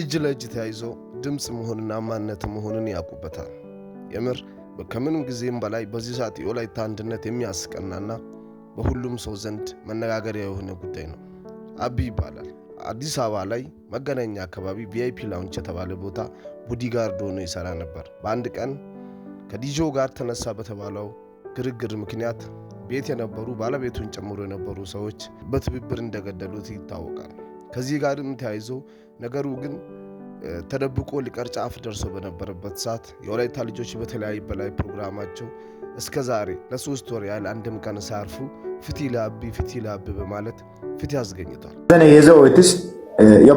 እጅ ለእጅ ተያይዞ ድምፅ መሆንና ማንነት መሆንን ያውቁበታል። የምር ከምንም ጊዜም በላይ በዚህ ሰዓት የወላይታ አንድነት የሚያስቀናና በሁሉም ሰው ዘንድ መነጋገሪያ የሆነ ጉዳይ ነው። አብ ይባላል። አዲስ አበባ ላይ መገናኛ አካባቢ ቪአይፒ ላውንች የተባለ ቦታ ቦዲጋርድ ሆኖ ይሰራ ነበር። በአንድ ቀን ከዲጆ ጋር ተነሳ በተባለው ግርግር ምክንያት ቤት የነበሩ ባለቤቱን ጨምሮ የነበሩ ሰዎች በትብብር እንደገደሉት ይታወቃል። ከዚህ ጋርም ተያይዞ ነገሩ ግን ተደብቆ ሊቀር ጫፍ ደርሶ በነበረበት ሰዓት የወላይታ ልጆች በተለያዩ በላይ ፕሮግራማቸው እስከ ዛሬ ለሶስት ወር ያህል አንድም ቀን ሳያርፉ ፍቲ ለአቢ ፍቲ ለአቢ በማለት ፍቲ አስገኝቷል። የዘው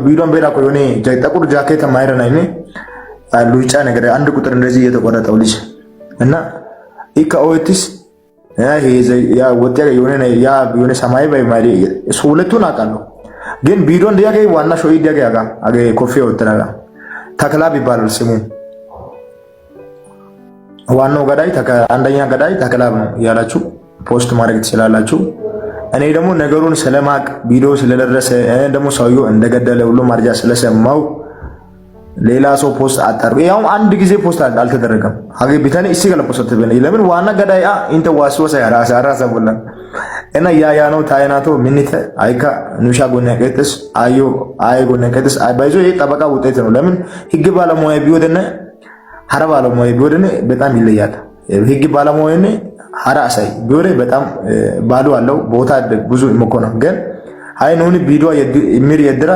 ቢዶን ቤራ የሆነ ጥቁር ጃኬት ማይረና ሉጫ ነገር አንድ ቁጥር እንደዚህ እየተቆረጠው ልጅ እና ኢካ ወጤ የሆነ ሰማይ ሁለቱን አውቃለሁ ግን ቢዶን ዲያገ ዋና ሾይ ዲያገ ያጋ አገ ኮፊ ወጥራጋ ተክላብ ይባላል ስሙ። ዋናው ገዳይ አንደኛ ገዳይ ተክላብ ነው ያላችሁ ፖስት ማድረግ ትችላላችሁ። እኔ ደግሞ ነገሩን ስለማቅ ቪዲዮ ስለደረሰ ደግሞ ሰውየው እንደገደለ ሁሉ ማርጃ ስለሰማው ሌላ ሰው ፖስት አጠር ያው አንድ ጊዜ ፖስት አልተደረገም። አገ ቢታኔ ገለ ፖስት ለምን ዋና ገዳይ አንተ ዋስወሳ ያራ አሳራ ሰቡላ እና ያያ ነው ታይናቶ ሚኒት አይካ ጎነ ጎነቀጥስ አዮ አይ ጎነ ጎነቀጥስ አይ ባይዞ ይሄ ጠበቃ ውጤት ነው። ለምን ህግ ባለሙያ ቢወደነ ሀረ ባለሙያ ቢወደነ በጣም ይለያል። ህግ ባለሙያነ ሀረ አሳይ ቢወደ በጣም ባሉ አለው ቦታ ብዙ ነው ግን አይ ነውን ቢዶ የሚር የድራ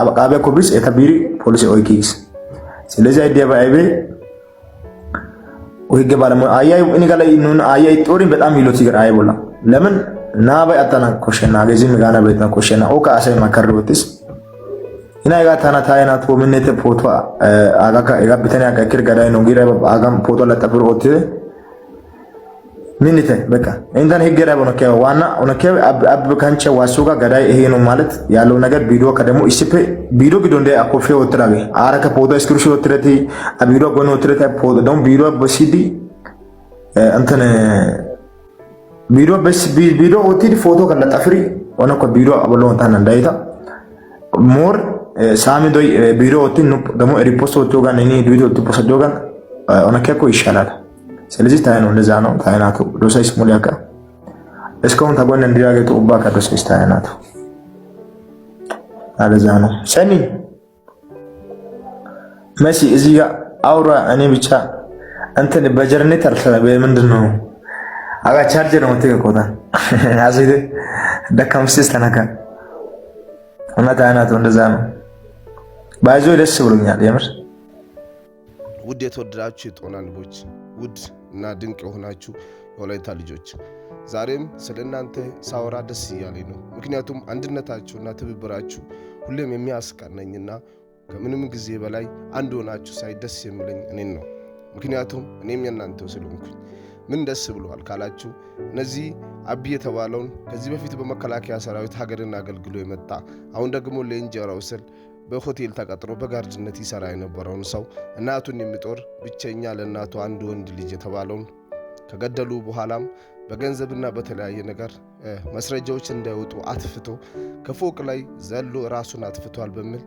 አቃበ ኮብሪስ የተቢሪ ፖሊሲ ኦይኪስ ስለዚህ አይዲያ ባይቤ ህግ ባለሙያ አያይ እኔ ጋር ላይ አያይ ጦሪን በጣም ይሎት ይገር አይቦላ ለምን naa atana koshshenna hageezi gaana beetna koshshenna oka asay makarriyotis ina hegaa tana taayinaat pominnete pootuwa agakka hegaa bitane akka ekkir gadayin ongiirayba agan pootuwa laxafir oottide minnite በቃ እንተን ህግ ላይ ሆነ ከያ ዋና ሆነ ከያ አብ ካንቸ ዋሱ ጋር ገዳይ ይሄ ነው ማለት ያለው ነገር ቪዲዮ ከደሞ ኢስፔ ቪዲዮ ቪዲዮ እንደ አኮፌ ወጥራቢ አረከ ፎቶ ስክሪንሾት ወጥረቲ አብ ቪዲዮ ጎን ወጥረቲ ፎቶ ደም ቪዲዮ በሲዲ እንተን ቪዲዮ በስ ቪዲዮ ወቲድ ፎቶ ከለጠፍሪ ወነኮ ቪዲዮ አብሎንታን እንዳይታ ሞር ሳሚ ዶይ ቪዲዮ ወቲድ ኑ ደሞ ሪፖስት ወቲው ጋር ነኝ ቪዲዮ ወቲድ ፖስት ጋር ወነከ እኮ ይሻላል። ስለዚህ ታይ ነው እንደዛ ነው ታይናቱ ዶሳይስ ሙሉ ያካ እስካሁን ተጎነ እንዲያገጡ ኡባ ከዶሳይስ ታይናቱ አለዛ ነው ሰኒ መሲ እዚህ አውራ እኔ ብቻ እንትን በጀርኔተር ስለበ ምንድን ነው aga charge namatti godha asii dakamsis tanaka እውነት አይነቱ እንደዛ ነው። ባይዞ ደስ ብሎኛል የምር። ውድ የተወደዳችሁ የጦና ልቦች፣ ውድ እና ድንቅ የሆናችሁ የወላይታ ልጆች ዛሬም ስለ እናንተ ሳወራ ደስ እያለኝ ነው። ምክንያቱም አንድነታችሁና ትብብራችሁ ሁሌም የሚያስቀናኝና ከምንም ጊዜ በላይ አንድ ሆናችሁ ሳይ ደስ የሚለኝ እኔን ነው። ምክንያቱም እኔም የእናንተው ስለሆንኩኝ ምን ደስ ብሏል ካላችሁ እነዚህ አቢ የተባለውን ከዚህ በፊት በመከላከያ ሰራዊት ሀገርን አገልግሎ የመጣ አሁን ደግሞ ለእንጀራው ስል በሆቴል ተቀጥሮ በጋርድነት ይሰራ የነበረውን ሰው እናቱን የሚጦር ብቸኛ ለእናቱ አንድ ወንድ ልጅ የተባለውን ከገደሉ በኋላም በገንዘብና በተለያየ ነገር መስረጃዎች እንዳይወጡ አትፍቶ ከፎቅ ላይ ዘሎ ራሱን አትፍቷል በሚል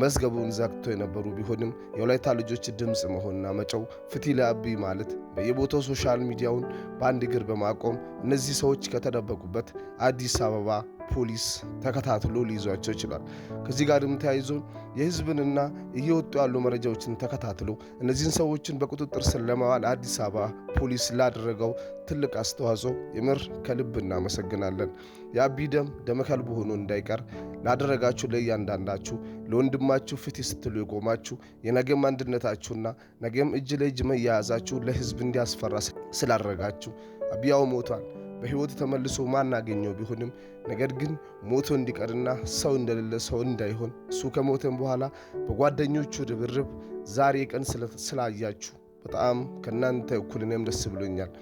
መዝገቡን ዘግቶ የነበሩ ቢሆንም የወላይታ ልጆች ድምፅ መሆንና መጨው ፍትህ ለአቢ ማለት በየቦታው ሶሻል ሚዲያውን በአንድ እግር በማቆም እነዚህ ሰዎች ከተደበቁበት አዲስ አበባ ፖሊስ ተከታትሎ ሊይዟቸው ይችላል። ከዚህ ጋርም ተያይዞ የህዝብንና እየወጡ ያሉ መረጃዎችን ተከታትሎ እነዚህን ሰዎችን በቁጥጥር ስር ለማዋል አዲስ አበባ ፖሊስ ላደረገው ትልቅ አስተዋጽኦ የምር ከልብ እናመሰግናለን። የአቢ ደም ደመ ከልብ ሆኖ እንዳይቀር ላደረጋችሁ ለእያንዳንዳችሁ ለወንድማችሁ ፍትህ ስትሉ የቆማችሁ የነገም አንድነታችሁና ነገም እጅ ለእጅ መያያዛችሁ ለህዝብ እንዲያስፈራ ስላረጋችሁ አብያው ሞቷል። በሕይወት ተመልሶ ማናገኘው ቢሆንም ነገር ግን ሞቶ እንዲቀርና ሰው እንደሌለ ሰው እንዳይሆን እሱ ከሞተም በኋላ በጓደኞቹ ርብርብ ዛሬ ቀን ስላያችሁ በጣም ከእናንተ እኩል እኔም ደስ ብሎኛል።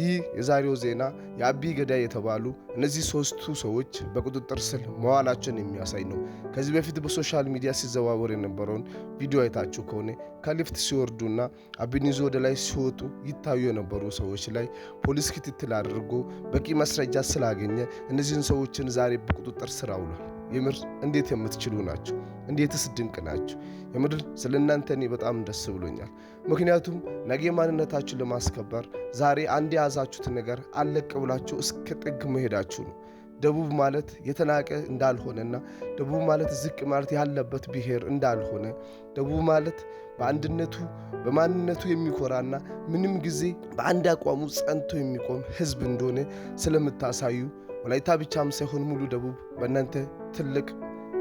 ይህ የዛሬው ዜና የአቢ ገዳይ የተባሉ እነዚህ ሶስቱ ሰዎች በቁጥጥር ስር መዋላቸውን የሚያሳይ ነው። ከዚህ በፊት በሶሻል ሚዲያ ሲዘዋወር የነበረውን ቪዲዮ አይታችሁ ከሆነ ከሊፍት ሲወርዱና አቢን ይዞ ወደ ላይ ሲወጡ ይታዩ የነበሩ ሰዎች ላይ ፖሊስ ክትትል አድርጎ በቂ ማስረጃ ስላገኘ እነዚህን ሰዎችን ዛሬ በቁጥጥር ስር አውሏል። የምር እንዴት የምትችሉ ናቸው? እንዴትስ ድንቅ ናችሁ የምድር ስለ እናንተ እኔ በጣም ደስ ብሎኛል። ምክንያቱም ነገ ማንነታችሁን ለማስከበር ዛሬ አንድ የያዛችሁት ነገር አለቅ ብላችሁ እስከ ጥግ መሄዳችሁ ነው። ደቡብ ማለት የተናቀ እንዳልሆነና ደቡብ ማለት ዝቅ ማለት ያለበት ብሔር እንዳልሆነ ደቡብ ማለት በአንድነቱ በማንነቱ የሚኮራና ምንም ጊዜ በአንድ አቋሙ ጸንቶ የሚቆም ሕዝብ እንደሆነ ስለምታሳዩ ወላይታ ብቻም ሳይሆን ሙሉ ደቡብ በእናንተ ትልቅ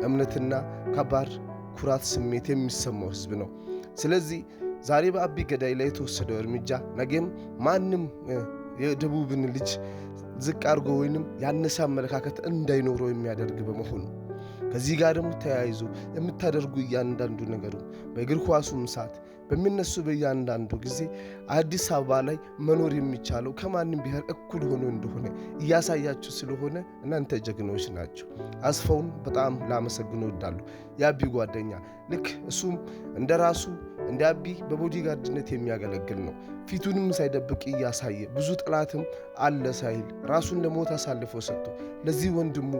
እምነትና ከባድ ኩራት ስሜት የሚሰማው ህዝብ ነው። ስለዚህ ዛሬ በአቢ ገዳይ ላይ የተወሰደው እርምጃ ነገም ማንም የደቡብን ልጅ ዝቅ አድርጎ ወይንም ያነሰ አመለካከት እንዳይኖረው የሚያደርግ በመሆኑ ከዚህ ጋር ደግሞ ተያይዞ የምታደርጉ እያንዳንዱ ነገሩ በእግር ኳሱም ሰዓት በሚነሱ በእያንዳንዱ ጊዜ አዲስ አበባ ላይ መኖር የሚቻለው ከማንም ብሔር እኩል ሆኖ እንደሆነ እያሳያችሁ ስለሆነ እናንተ ጀግኖች ናቸው። አስፈውን በጣም ላመሰግኖ ወዳሉ የአቢ ጓደኛ ልክ እሱም እንደ ራሱ እንደ አቢ በቦዲጋርድነት የሚያገለግል ነው። ፊቱንም ሳይደብቅ እያሳየ ብዙ ጠላትም አለ ሳይል ራሱን ለሞት አሳልፎ ሰጥቶ ለዚህ ወንድሙ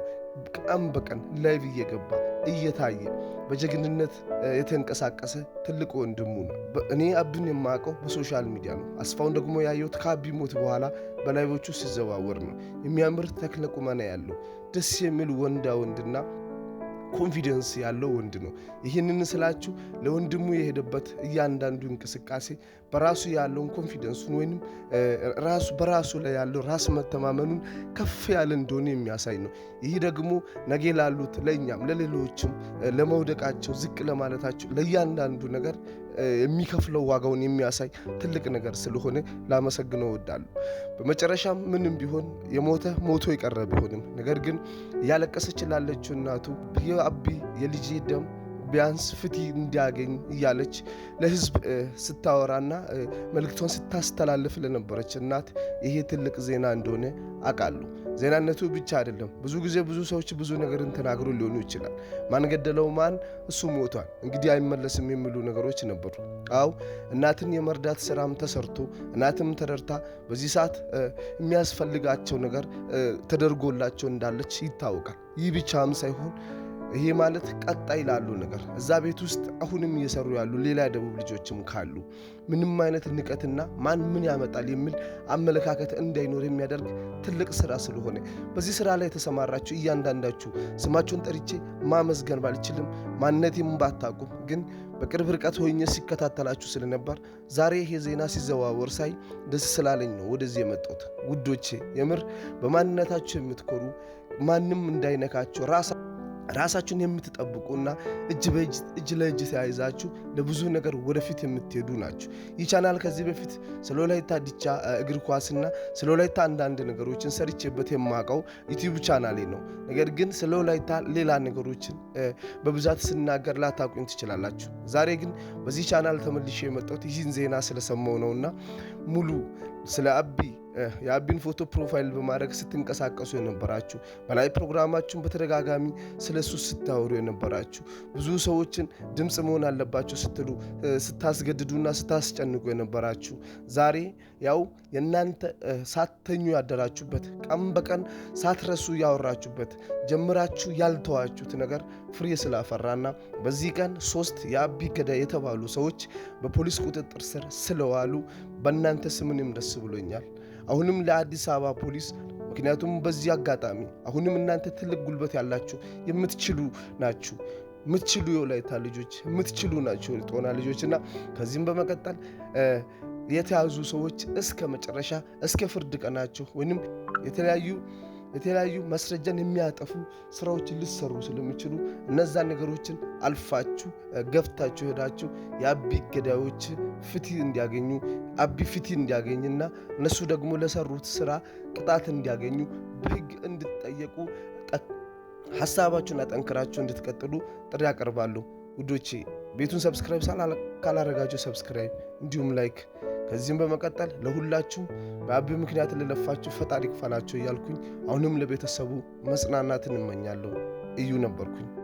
ቀን በቀን ላይቭ እየገባ እየታየ በጀግንነት የተንቀሳቀሰ ትልቅ ወንድሙ ነው። እኔ አብዱን የማውቀው በሶሻል ሚዲያ ነው። አስፋውን ደግሞ ያየሁት ከአቢ ሞት በኋላ በላይቮቹ ሲዘዋወር ነው። የሚያምር ተክለ ቁመና ያለው ደስ የሚል ወንዳ ወንድና ኮንፊደንስ ያለው ወንድ ነው። ይህንን ስላችሁ ለወንድሙ የሄደበት እያንዳንዱ እንቅስቃሴ በራሱ ያለውን ኮንፊደንሱን ወይም ራሱ በራሱ ላይ ያለው ራስ መተማመኑን ከፍ ያለ እንደሆነ የሚያሳይ ነው። ይህ ደግሞ ነገ ላሉት ለእኛም፣ ለሌሎችም ለመውደቃቸው፣ ዝቅ ለማለታቸው ለእያንዳንዱ ነገር የሚከፍለው ዋጋውን የሚያሳይ ትልቅ ነገር ስለሆነ ላመሰግነው እወዳለሁ። በመጨረሻም ምንም ቢሆን የሞተ ሞቶ የቀረ ቢሆንም ነገር ግን እያለቀሰች ላለችው እናቱ አቢ የልጄ ደም ቢያንስ ፍትህ እንዲያገኝ እያለች ለህዝብ ስታወራና መልእክቷን ስታስተላልፍ ለነበረች እናት ይሄ ትልቅ ዜና እንደሆነ አውቃለሁ። ዜናነቱ ብቻ አይደለም። ብዙ ጊዜ ብዙ ሰዎች ብዙ ነገርን ተናግሮ ሊሆኑ ይችላል። ማን ገደለው፣ ማን እሱ ሞቷል፣ እንግዲህ አይመለስም የሚሉ ነገሮች ነበሩ። አው እናትን የመርዳት ስራም ተሰርቶ እናትም ተረድታ በዚህ ሰዓት የሚያስፈልጋቸው ነገር ተደርጎላቸው እንዳለች ይታወቃል። ይህ ብቻም ሳይሆን ይሄ ማለት ቀጣይ ላሉ ነገር እዛ ቤት ውስጥ አሁንም እየሰሩ ያሉ ሌላ ደቡብ ልጆችም ካሉ ምንም አይነት ንቀትና ማን ምን ያመጣል የሚል አመለካከት እንዳይኖር የሚያደርግ ትልቅ ስራ ስለሆነ በዚህ ስራ ላይ የተሰማራችሁ እያንዳንዳችሁ ስማችሁን ጠርቼ ማመስገን ባልችልም ማንነቴም ባታውቁ ግን በቅርብ ርቀት ሆኜ ሲከታተላችሁ ስለነበር ዛሬ ይሄ ዜና ሲዘዋወር ሳይ ደስ ስላለኝ ነው ወደዚህ የመጣሁት። ውዶቼ የምር በማንነታችሁ የምትኮሩ ማንም እንዳይነካቸው ራሳ ራሳችሁን የምትጠብቁና እጅ እጅ ለእጅ ተያይዛችሁ ለብዙ ነገር ወደፊት የምትሄዱ ናችሁ። ይህ ቻናል ከዚህ በፊት ስለ ወላይታ ዲቻ እግር ኳስና ስለ ወላይታ አንዳንድ ነገሮችን ሰርቼበት የማውቀው ዩቲዩብ ቻናሌ ነው። ነገር ግን ስለ ወላይታ ሌላ ነገሮችን በብዛት ስናገር ላታቁኝ ትችላላችሁ። ዛሬ ግን በዚህ ቻናል ተመልሼ የመጣሁት ይህን ዜና ስለሰማው ነውና ሙሉ ስለ አቢ የአቢን ፎቶ ፕሮፋይል በማድረግ ስትንቀሳቀሱ የነበራችሁ በላይ ፕሮግራማችሁን በተደጋጋሚ ስለ እሱ ስታወሩ የነበራችሁ ብዙ ሰዎችን ድምፅ መሆን አለባቸው ስትሉ ስታስገድዱና ስታስጨንቁ የነበራችሁ ዛሬ ያው የእናንተ ሳተኙ ያደራችሁበት ቀን በቀን ሳትረሱ ያወራችሁበት ጀምራችሁ ያልተዋችሁት ነገር ፍሬ ስላፈራና በዚህ ቀን ሶስት የአቢ ገዳ የተባሉ ሰዎች በፖሊስ ቁጥጥር ስር ስለዋሉ በእናንተ ስምንም ደስ ብሎኛል። አሁንም ለአዲስ አበባ ፖሊስ ምክንያቱም በዚህ አጋጣሚ አሁንም እናንተ ትልቅ ጉልበት ያላችሁ የምትችሉ ናችሁ የምትችሉ የወላይታ ልጆች የምትችሉ ናቸው የጦና ልጆች እና ከዚህም በመቀጠል የተያዙ ሰዎች እስከ መጨረሻ እስከ ፍርድ ቀናቸው ወይም የተለያዩ የተለያዩ ማስረጃን የሚያጠፉ ስራዎችን ልሰሩ ስለሚችሉ እነዛን ነገሮችን አልፋችሁ ገፍታችሁ ሄዳችሁ የአቢ ገዳዮች ፍት እንዲያገኙ አቢ ፍትህ እንዲያገኝና እነሱ ደግሞ ለሰሩት ስራ ቅጣት እንዲያገኙ በህግ እንድትጠየቁ ሀሳባችሁን አጠንክራችሁ እንድትቀጥሉ ጥሪ ያቀርባሉ ውዶቼ። ቤቱን ሰብስክራይብ ካላረጋችሁ ሰብስክራይብ፣ እንዲሁም ላይክ። ከዚህም በመቀጠል ለሁላችሁም በአቢው ምክንያት ለለፋችሁ ፈጣሪ ክፈላችሁ እያልኩኝ አሁንም ለቤተሰቡ መጽናናትን እመኛለሁ። እዩ ነበርኩኝ።